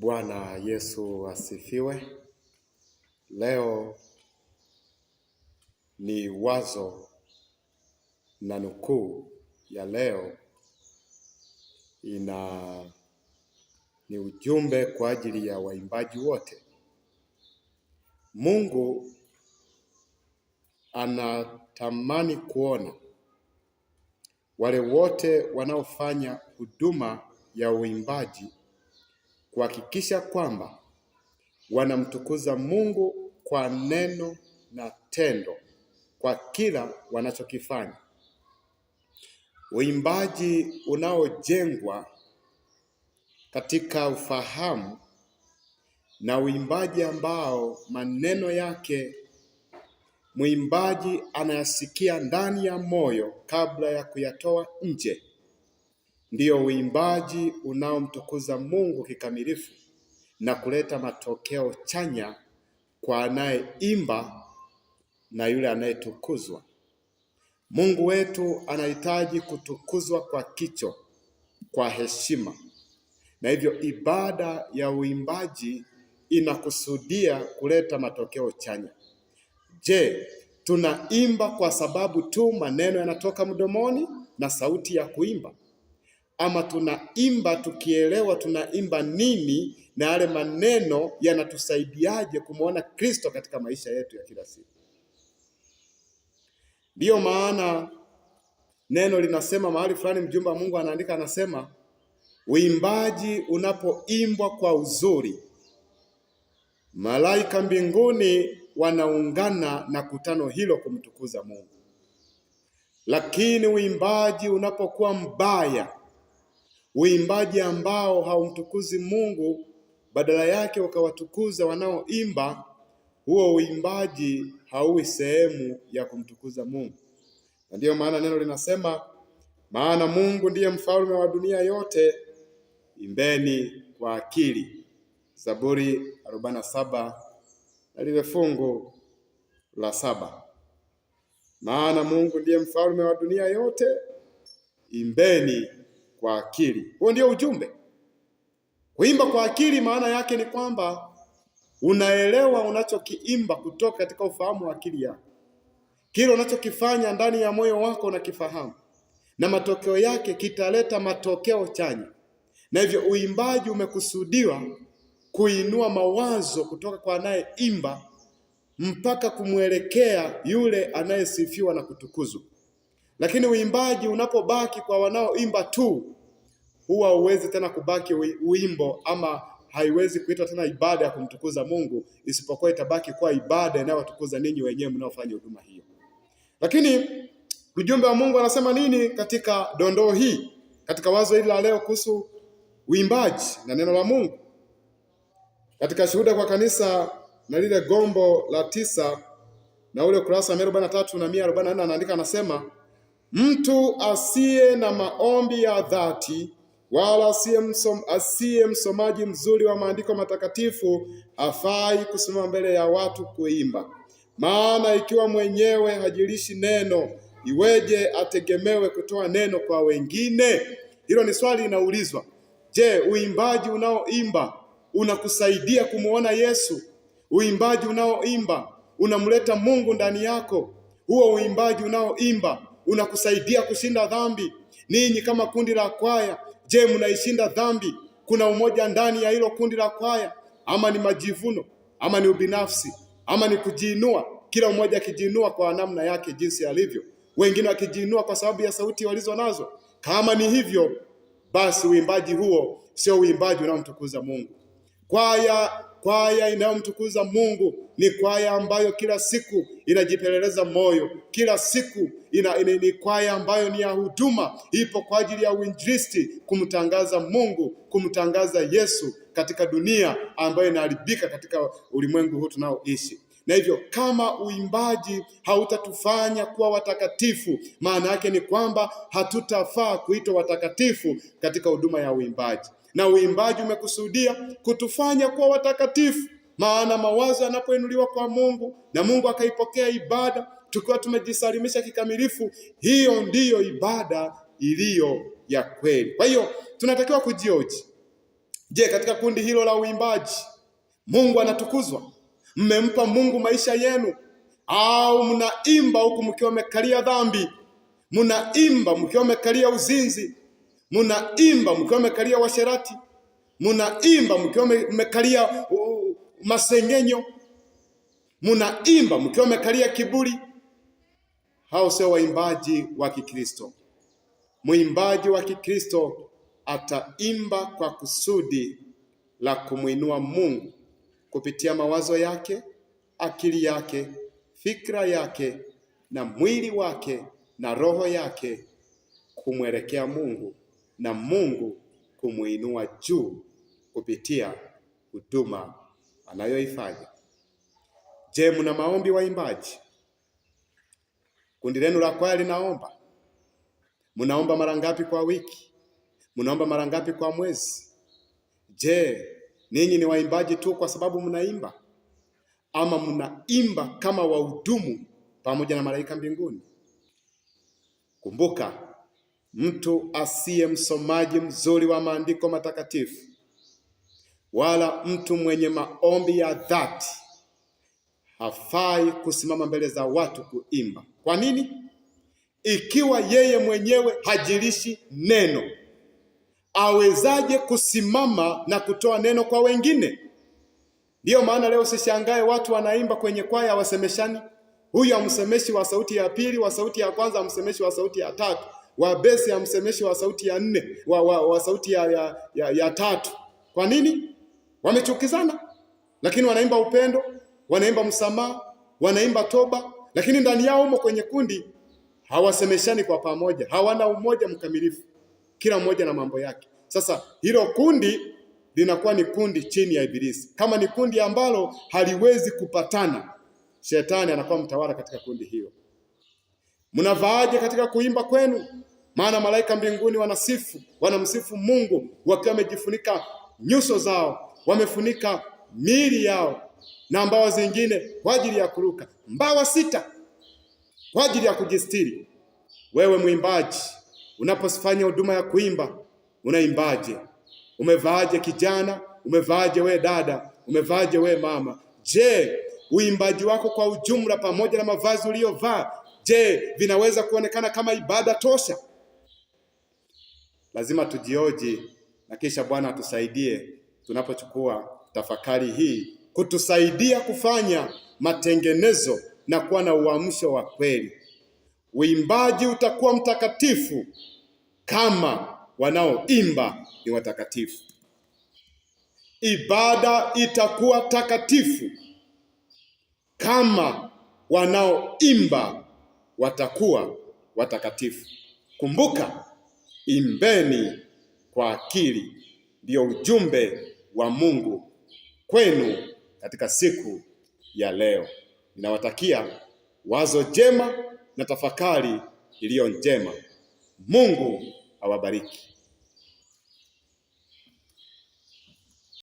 Bwana Yesu asifiwe. Leo ni wazo na nukuu ya leo ina ni ujumbe kwa ajili ya waimbaji wote. Mungu anatamani kuona wale wote wanaofanya huduma ya uimbaji kuhakikisha kwamba wanamtukuza Mungu kwa neno na tendo kwa kila wanachokifanya. Uimbaji unaojengwa katika ufahamu na uimbaji ambao maneno yake mwimbaji anayasikia ndani ya moyo kabla ya kuyatoa nje ndio uimbaji unaomtukuza Mungu kikamilifu na kuleta matokeo chanya kwa anayeimba na yule anayetukuzwa. Mungu wetu anahitaji kutukuzwa kwa kicho, kwa heshima, na hivyo ibada ya uimbaji inakusudia kuleta matokeo chanya. Je, tunaimba kwa sababu tu maneno yanatoka mdomoni na sauti ya kuimba ama tunaimba tukielewa tunaimba nini na yale maneno yanatusaidiaje kumwona Kristo katika maisha yetu ya kila siku. Ndiyo maana neno linasema mahali fulani, mjumbe wa Mungu anaandika, anasema uimbaji unapoimbwa kwa uzuri, malaika mbinguni wanaungana na kutano hilo kumtukuza Mungu, lakini uimbaji unapokuwa mbaya uimbaji ambao haumtukuzi Mungu, badala yake ukawatukuza wanaoimba, huo uimbaji hauwi sehemu ya kumtukuza Mungu. Na ndiyo maana neno linasema, maana Mungu ndiye mfalme wa dunia yote, imbeni kwa akili. Zaburi 47 na lile fungu la saba. Maana Mungu ndiye mfalme wa dunia yote, imbeni kwa akili. Huo ndio ujumbe. Kuimba kwa akili maana yake ni kwamba unaelewa unachokiimba kutoka katika ufahamu wa akili yako. Kile unachokifanya ndani ya moyo wako unakifahamu, na matokeo yake kitaleta matokeo chanya, na hivyo uimbaji umekusudiwa kuinua mawazo kutoka kwa anayeimba mpaka kumwelekea yule anayesifiwa na kutukuzwa. Lakini uimbaji unapobaki kwa wanaoimba tu, huwa huwezi tena kubaki uimbo ama haiwezi kuitwa tena ibada ya kumtukuza Mungu, isipokuwa itabaki kuwa ibada inayowatukuza ninyi wenyewe mnaofanya huduma hiyo. Lakini ujumbe wa Mungu anasema nini katika dondoo hii, katika wazo hili la leo kuhusu uimbaji na neno la Mungu? Katika Shuhuda kwa Kanisa na lile gombo la tisa na ule kurasa wa mia arobaini na tatu na mia arobaini na nne anaandika anasema Mtu asiye na maombi ya dhati wala asiye msom, asiye msomaji mzuri wa maandiko matakatifu hafai kusimama mbele ya watu kuimba. Maana ikiwa mwenyewe hajilishi neno, iweje ategemewe kutoa neno kwa wengine? Hilo ni swali linaulizwa. Je, uimbaji unaoimba unakusaidia kumwona Yesu? Uimbaji unaoimba unamleta Mungu ndani yako? Huo uimbaji unaoimba unakusaidia kushinda dhambi. Ninyi kama kundi la kwaya, je, mnaishinda dhambi? Kuna umoja ndani ya hilo kundi la kwaya, ama ni majivuno, ama ni ubinafsi, ama ni kujiinua? Kila mmoja akijiinua kwa namna yake, jinsi alivyo, wengine wakijiinua kwa sababu ya sauti walizo nazo. Kama ni hivyo, basi uimbaji huo sio uimbaji unaomtukuza Mungu. Kwaya Kwaya inayomtukuza Mungu ni kwaya ambayo kila siku inajipeleleza moyo, kila siku ina, ina, ni kwaya ambayo ni ya huduma, ipo kwa ajili ya uinjilisti, kumtangaza Mungu, kumtangaza Yesu katika dunia ambayo inaharibika, katika ulimwengu huu tunaoishi. Na hivyo kama uimbaji hautatufanya kuwa watakatifu, maana yake ni kwamba hatutafaa kuitwa watakatifu katika huduma ya uimbaji na uimbaji umekusudia kutufanya kuwa watakatifu, maana mawazo yanapoinuliwa kwa Mungu na Mungu akaipokea ibada tukiwa tumejisalimisha kikamilifu, hiyo ndiyo ibada iliyo ya kweli. Kwa hiyo tunatakiwa kujioji. Je, katika kundi hilo la uimbaji Mungu anatukuzwa? Mmempa Mungu maisha yenu, au mnaimba huku mkiwa mekalia dhambi, mnaimba mkiwa mekalia uzinzi munaimba mkiwa mekalia washerati, munaimba mkiwa mekalia masengenyo, munaimba mkiwa mekalia kiburi. Hao sio waimbaji wa Kikristo. Mwimbaji wa Kikristo ataimba kwa kusudi la kumwinua Mungu kupitia mawazo yake, akili yake, fikra yake na mwili wake na roho yake kumwelekea Mungu na Mungu kumwinua juu kupitia huduma anayoifanya. Je, mna maombi waimbaji? Kundi lenu la kwaya linaomba. Mnaomba mara ngapi kwa wiki? Mnaomba mara ngapi kwa mwezi? Je, ninyi ni waimbaji tu kwa sababu mnaimba ama mnaimba kama wahudumu pamoja na malaika mbinguni? Kumbuka mtu asiye msomaji mzuri wa maandiko matakatifu wala mtu mwenye maombi ya dhati hafai kusimama mbele za watu kuimba. Kwa nini? Ikiwa yeye mwenyewe hajilishi neno, awezaje kusimama na kutoa neno kwa wengine? Ndiyo maana leo usishangae watu wanaimba kwenye kwaya, wasemeshani, huyu amsemeshi wa sauti ya pili, wa sauti ya kwanza, amsemeshi wa sauti ya tatu wa besi ya msemeshi wa sauti ya nne wa, wa, wa sauti ya, ya, ya, ya tatu. Kwa nini? Wamechukizana, lakini wanaimba upendo, wanaimba msamaha, wanaimba toba, lakini ndani yao humo kwenye kundi hawasemeshani kwa pamoja, hawana umoja mkamilifu, kila mmoja na mambo yake. Sasa hilo kundi linakuwa ni kundi chini ya Ibilisi. Kama ni kundi ambalo haliwezi kupatana, shetani anakuwa mtawala katika kundi hilo. Mnavaaje katika kuimba kwenu? Maana malaika mbinguni wanasifu, wanamsifu Mungu wakiwa wamejifunika nyuso zao, wamefunika miili yao na mbawa zingine kwa ajili ya kuruka, mbawa sita kwa ajili ya kujistiri. Wewe mwimbaji, unaposifanya huduma ya kuimba, unaimbaje? Umevaaje kijana? Umevaaje we dada? Umevaaje we mama? Je, uimbaji wako kwa ujumla pamoja na mavazi uliyovaa, je, vinaweza kuonekana kama ibada tosha? Lazima tujioji na kisha Bwana atusaidie tunapochukua tafakari hii kutusaidia kufanya matengenezo na kuwa na uamsho wa kweli. Uimbaji utakuwa mtakatifu kama wanaoimba ni watakatifu. Ibada itakuwa takatifu kama wanaoimba watakuwa watakatifu. Kumbuka, Imbeni kwa akili, ndiyo ujumbe wa Mungu kwenu katika siku ya leo. Ninawatakia wazo jema na tafakari iliyo njema. Mungu awabariki.